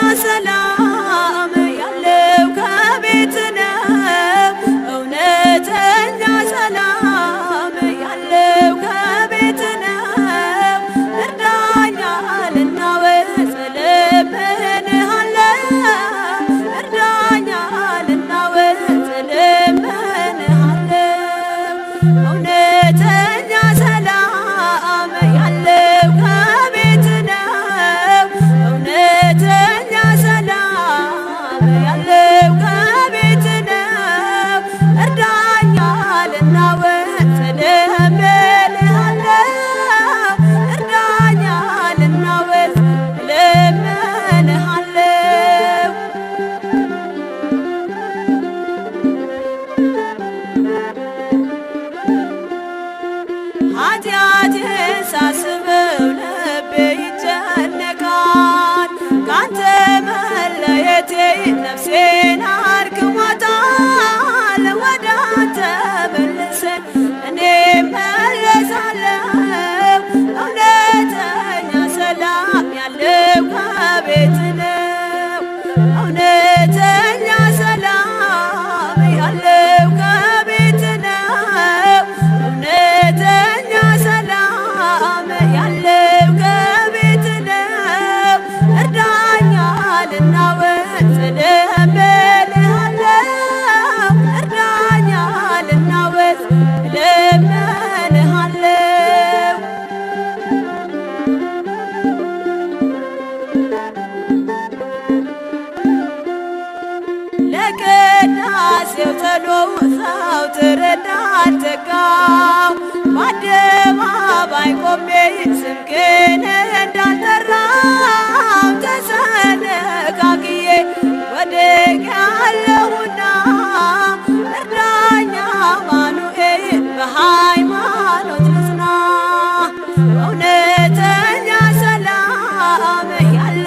سلام ያለው ከቤት ነው እውነተኛ ሰላም ያለው ከቤት ነው እውነተኛ ሰላም ያለው ከቤት ነው እርዳኛልና ውዳሴው ጸሎታው ትረዳን ተጋው በአደባባይ ቆሜ ስምህን እንዳልጠራው ተሰነካክዬ ወድቄያለሁና እርዳኝ አማኑኤል በሃይማኖት ልጽና እውነተኛ ሰላም ያለ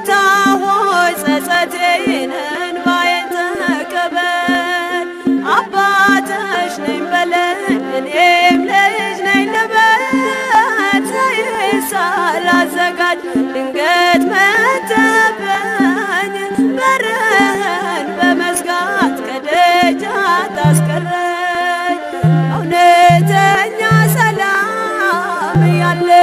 ጌታ ሆይ ጸጸቴን እንባዬን ተቀበል። አባትሽ ነኝ በለን እኔም ልጅ ነኝ ልበል። ድንገት መተበኝ በርህን በመዝጋት እውነተኛ ሰላም ያለ